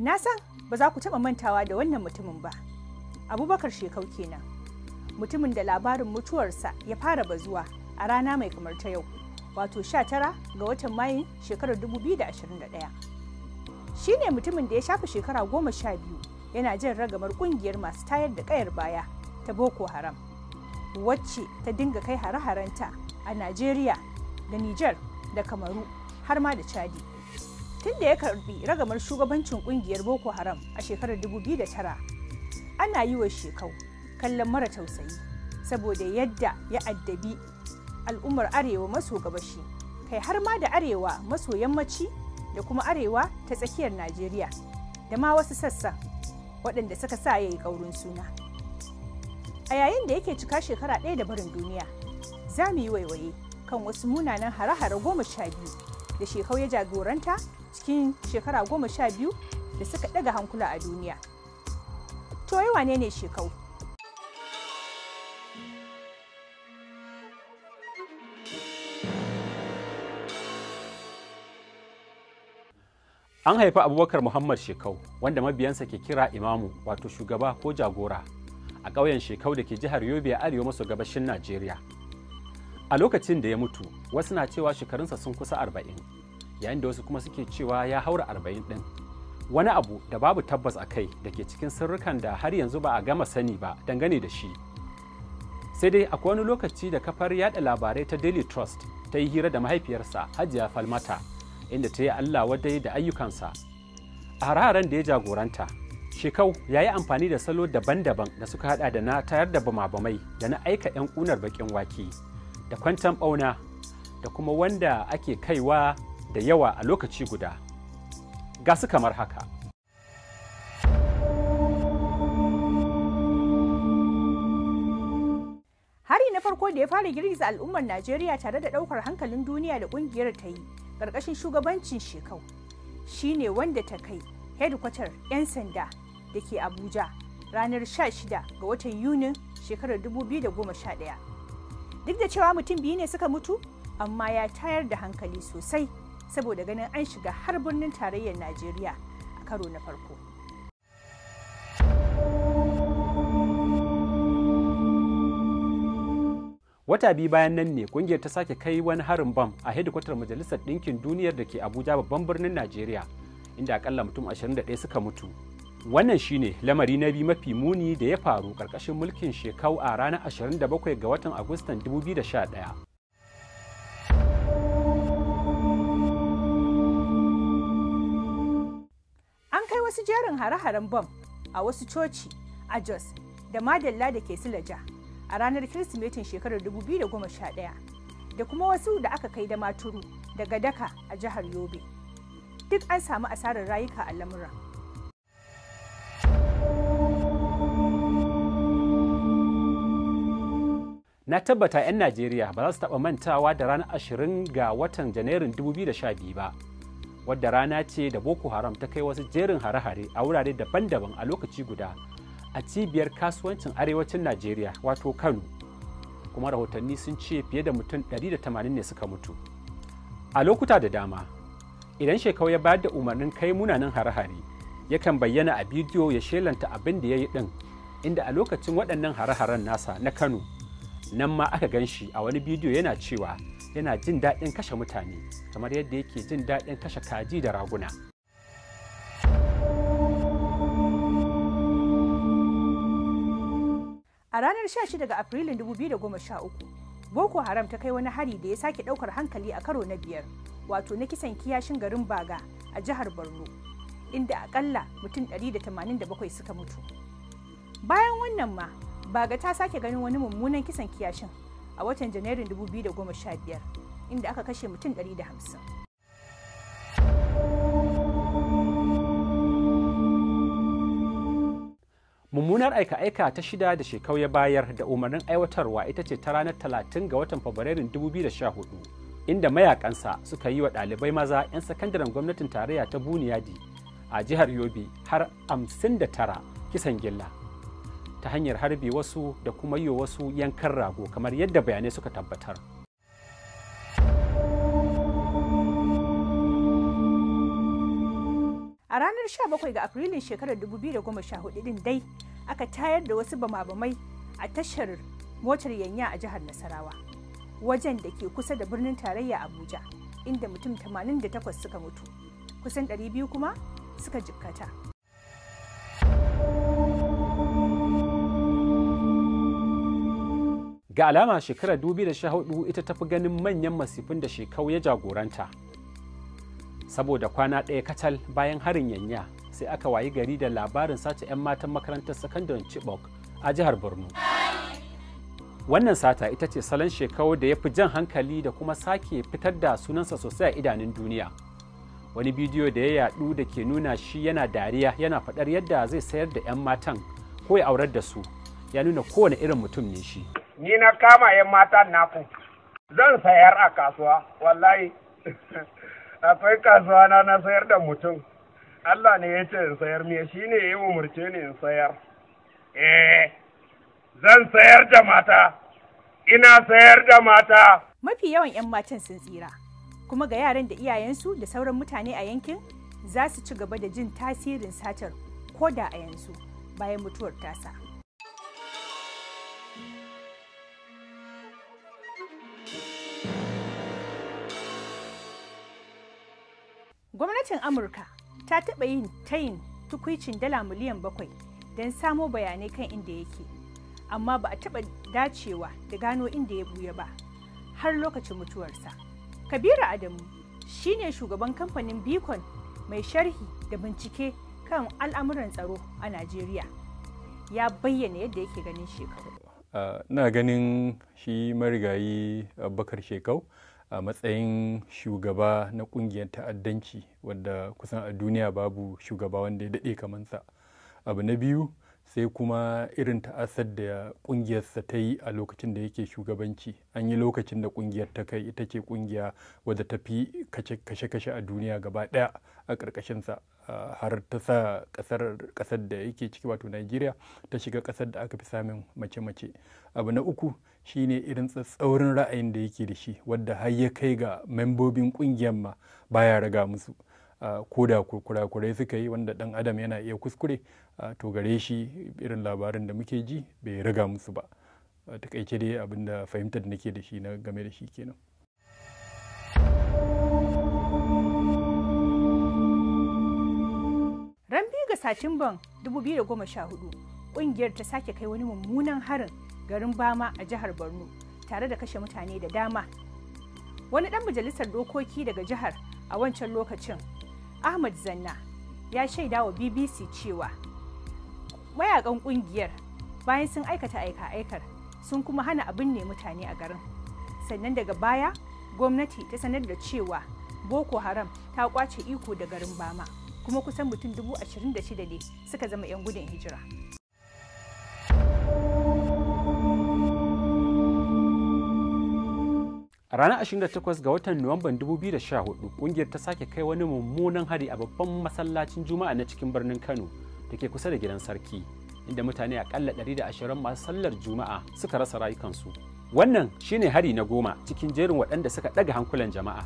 na san ba za ku taɓa mantawa da wannan mutumin ba abubakar shekau kenan mutumin da labarin mutuwarsa ya fara bazuwa a rana mai kamar ta yau wato 19 ga watan Mayu shekarar 2021 shi ne mutumin da ya shafe shekara goma sha biyu yana jin ragamar ƙungiyar masu tayar da ƙayar baya ta boko haram wacce ta dinga kai hare-harenta a najeriya da niger da kamaru har ma da chadi tun da ya karbi ragamar shugabancin kungiyar boko haram a shekarar 2009 ana yi wa shekau kallon mara tausayi saboda yadda ya addabi al'ummar arewa maso gabashi kai har ma da arewa maso yammaci da kuma arewa ta tsakiyar najeriya da ma wasu sassan waɗanda suka sa ya yi ƙaurin suna a yayin da yake cika shekara ɗaya da barin duniya za mu yi waiwaye kan wasu munanan hare-hare goma sha biyu da shekau ya jagoranta cikin shekara goma sha biyu da suka ɗaga hankula a duniya. To yawa ne ne shekau? An haifi Abubakar Muhammad Shekau wanda mabiyansa ke kira imamu wato shugaba ko jagora a ƙauyen Shekau da ke jihar Yobe a arewa maso gabashin Najeriya. A lokacin da ya mutu, wasu na cewa shekarunsa sun kusa arba'in. yayin da wasu kuma suke cewa ya haura arba'in ɗin wani abu da babu tabbas a kai da ke cikin sirrukan da har yanzu ba a gama sani ba dangane da shi sai dai akwai wani lokaci da kafar yada labarai ta daily trust ta yi hira da mahaifiyarsa hajiya falmata inda ta yi allah wadai da ayyukansa a hararen da ya jagoranta shekau ya yi amfani da salo daban-daban da suka hada da na tayar da bama da na aika 'yan unar bakin wake da kwantan bauna da kuma wanda ake kaiwa da yawa a lokaci guda ga su kamar haka hari na farko da ya fara girgiza al'ummar najeriya tare da daukar hankalin duniya da kungiyar ta yi karkashin shugabancin shekau shine wanda ta kai hedkwatar 'yan sanda da ke abuja ranar 16 ga watan yunin shekarar 2011 duk da cewa mutum biyu ne suka mutu amma ya tayar da hankali sosai saboda ganin an shiga har birnin tarayyar Najeriya a karo na farko. Wata biyu bayan nan ne kungiyar ta sake kai wani harin bam a hedikwatar Majalisar Ɗinkin Duniyar da ke Abuja babban birnin Najeriya, inda akalla mutum 21 suka mutu. Wannan shine lamari na biyu mafi muni da ya faru karkashin mulkin shekau a ranar 27 ga watan Agustan 2011. wasu jerin hare-haren bom a wasu coci a Jos da Madalla da ke Silaja a ranar Kirsimetin shekarar 2011 da kuma wasu da aka kai da maturu daga daka a jihar Yobe. Duk an samu asarar rayuka a lamuran. Na tabbata 'yan Najeriya ba za su taɓa mantawa da ranar 20 ga watan Janairun 2012 ba. wadda rana ce da boko haram ta kai wasu jerin hare-hare a wurare daban-daban a lokaci guda a cibiyar kasuwancin arewacin najeriya wato kano kuma rahotanni sun ce fiye da mutum 180 ne suka mutu a lokuta da dama idan shekau ya bayar da umarnin kai munanan hare-hare yakan bayyana a bidiyo ya shelanta abin da ya yi din inda a lokacin waɗannan hare-haren nasa na kano nan ma aka gan shi a wani bidiyo yana cewa yana jin daɗin kashe mutane kamar yadda yake jin daɗin kashe kaji da raguna a ranar 16 ga afrilun 2013 boko haram ta kai wani hari da ya sake ɗaukar hankali a karo na biyar wato na kisan kiyashin garin baga a jihar borno inda akalla mutum 187 suka mutu bayan wannan ma baga ta sake ganin wani mummunan kisan kiyashin a watan janairun 2015 inda aka kashe mutum 150 mummunar aika-aika ta shida da shekau bayar da umarnin aiwatarwa ita ce ta ranar 30 ga watan fabrairun 2014 inda mayakansa suka yi wa ɗalibai maza 'yan sakandaren gwamnatin tarayya ta buniyadi a jihar yobe har 59 kisan gilla ta hanyar harbi wasu da kuma yi wasu yankan rago kamar yadda bayanai suka tabbatar. A ranar 17 ga Afrilun shekarar 2014 din dai aka tayar da wasu bamabamai a tashar motar yanya a jihar Nasarawa wajen da ke kusa da birnin tarayya Abuja inda mutum 88 suka mutu kusan 200 kuma suka jikkata. Ga alama shekarar 2014 ita tafi ganin manyan masifin da shekau ya jagoranta. Saboda kwana ɗaya kacal bayan harin yanya sai aka wayi gari da labarin sace 'yan matan makarantar sakandaren Chibok a jihar Borno. Wannan sata ita ce salon shekau da ya fi jan hankali da kuma sake fitar da sunansa sosai a idanun duniya. Wani bidiyo da ya yaɗu da ke nuna shi yana dariya yana faɗar yadda zai sayar da 'yan matan ko ya aurar da su ya nuna kowane irin mutum ne shi. ni na kama yan mata naku zan sayar a kasuwa wallahi akwai kasuwa na na sayar da mutum Allah ne ya ce in sayar me shi ne ya umurce ni in sayar eh zan sayar da mata ina sayar da mata mafi yawan 'yan matan sun tsira kuma ga yaran da iyayensu da sauran mutane a yankin za su ci gaba da jin tasirin satar koda a yanzu bayan mutuwar tasa. gwamnatin amurka ta taɓa yin tayin tukwicin dala miliyan bakwai don samo bayanai kan inda yake amma ba a taɓa dacewa da gano inda ya buya ba har lokacin mutuwarsa kabiru adamu shine shugaban kamfanin beacon mai sharhi da bincike kan al'amuran tsaro a najeriya ya bayyana yadda yake ganin shekaru na ganin shi marigayi abubakar shekau a matsayin shugaba na kungiyar ta'addanci wadda kusan a duniya babu shugaba wanda ya daɗe kamansa abu na biyu sai kuma irin ta'asar da kungiyarsa ta yi a lokacin da yake shugabanci an yi lokacin da kungiyar ta kai ita ce kungiya wadda ta fi kashe-kashe a duniya gaba ɗaya a ƙarƙashinsa har ta sa ƙasar da yake ciki wato nigeria ta shiga ƙasar da aka fi samun mace-mace abu na uku shine irin tsatsaurin ra'ayin da yake da shi wadda har ya kai ga membobin kungiyar ma baya raga musu ko da kurakurai suka yi wanda dan adam yana iya kuskure to gare shi irin labarin da muke ji bai raga musu ba takaice dai abin da fahimtar nake da shi na game da shi kenan ran Rambi ga Satumban 2014 kungiyar ta sake kai wani mummunan harin garin Bama a jihar Borno tare da kashe mutane da dama. Wani dan majalisar dokoki daga jihar a wancan lokacin, Ahmad Zanna ya shaida wa BBC cewa mayakan kungiyar bayan sun aikata aika-aikar sun kuma hana abin ne mutane a garin. Sannan daga baya gwamnati ta sanar da cewa Boko Haram ta kwace iko da garin Bama kuma kusan mutum dubu ashirin da shida ne suka zama 'yan gudun hijira. A ranar 28 ga watan Nuwamban 2014, ƙungiyar ta sake kai wani mummunan hari a babban masallacin Juma'a na cikin birnin Kano da ke kusa da gidan sarki, inda mutane akalla 120 masu sallar Juma'a suka rasa rayukansu. Wannan shine hari na goma cikin jerin waɗanda suka ɗaga hankulan jama'a.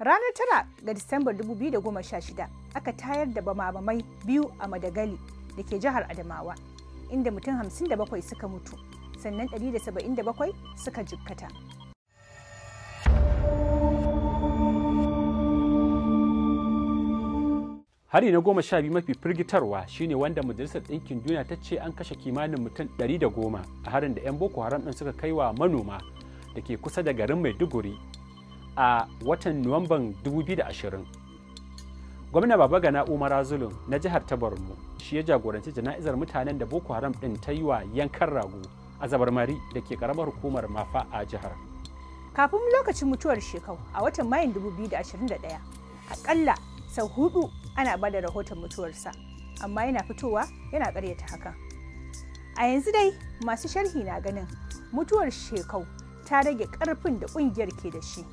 Ranar tara ga Disambar 2016 aka tayar da bama-bamai biyu a Madagali da ke jihar Adamawa. inda mutum 57 suka mutu sannan 177 suka jikkata. hari na goma sha biyu mafi firgitarwa shine wanda majalisar ɗinkin duniya ta ce an kashe kimanin mutum ɗari da goma a harin da 'yan boko haram ɗin suka kai wa manoma da ke kusa da garin maiduguri a watan nuwamban 2020 gwamna babagana umar zulum na jihar ta borno shi ya jagoranci jana'izar mutanen da boko haram din ta yi wa yankan rago a zabarmari da ke karamar hukumar mafa a jihar kafin lokacin mutuwar shekau a watan mayun 2021 akalla sau hudu ana bada rahoton mutuwarsa amma yana fitowa yana karyata hakan a yanzu dai masu sharhi na ganin mutuwar shekau ta rage karfin da kungiyar ke da shi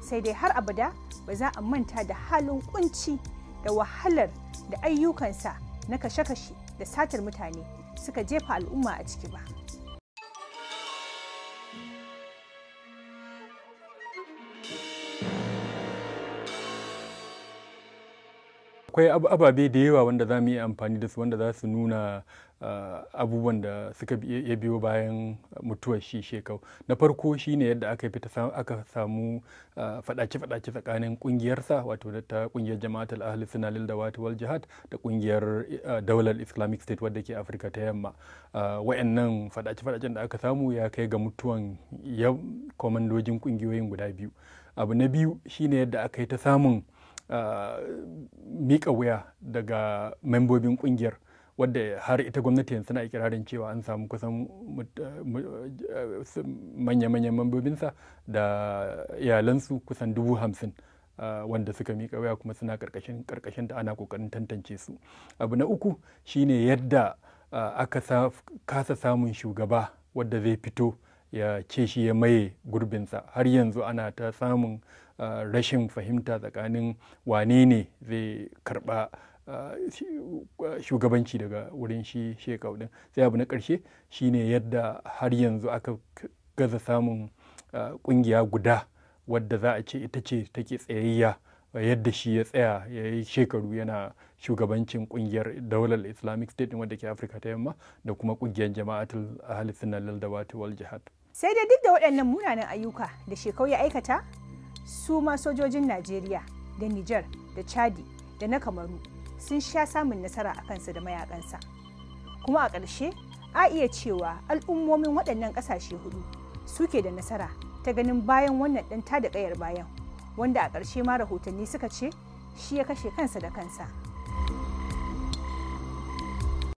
sai dai har abada ba za a manta da halin kunci da wahalar da ayyukansa na kashe-kashe da satar mutane suka jefa al'umma a ciki ba. akwai ababe da yawa wanda za mu yi amfani da su wanda za su nuna ah, abubuwan da suka ya biyo bayan mutuwar shi shekau na farko shi ne yadda aka fita aka samu ah, fadace-fadace tsakanin kungiyarsa wato ta kungiyar jama'atul ahli suna lil wal jihad da kungiyar ah, daular islamic state wadda ke afirka ta yamma nan fadace-fadacen da aka samu ya kai ga mutuwan komandojin kungiyoyin guda biyu abu na biyu shine yadda aka yi ta samun mika wuya daga membobin ƙungiyar wadda har ita gwamnati yanzu na ikirarin cewa an samu kusan manya-manyan membobinsa da iyalansu kusan dubu hamsin ah, wanda suka mika waya kuma suna karkashin da ana ƙoƙarin tantance su abu na uku shine yadda ah, aka kasa samun shugaba wadda zai fito ya ce shi ya maye gurbinsa har yanzu ana ta samun rashin fahimta tsakanin wane ne zai karba shugabanci daga wurin shi shekau din sai abu na shi shine yadda har yanzu aka gaza samun kungiya guda wadda za a ce ita ce take tsayayya yadda shi ya tsaya ya yi shekaru yana shugabancin kungiyar daular islamic state wadda ke afirka ta yamma da kuma kungiyar jama'atul ahli lalda lal dawati jihad sai dai duk da waɗannan munanan ayyuka da shekau ya aikata su ma sojojin najeriya da niger da chadi da na kamaru sun sha samun nasara a kansa da mayakansa kuma a ƙarshe a iya cewa al'ummomin waɗannan ƙasashe hudu suke da nasara ta ganin bayan wannan ɗan da ƙayar bayan wanda a ƙarshe ma rahotanni suka ce shi ya kashe kansa da kansa.